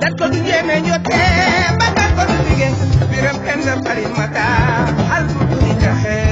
dat ko du njéeme ba dat ko du jigéen biram penda bari mata al bu ni jaxe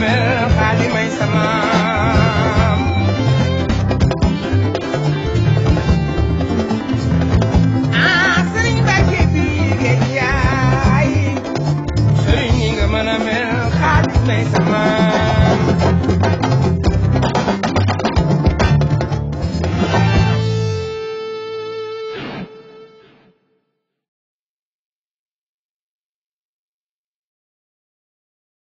Mel Xaadi may sama me man.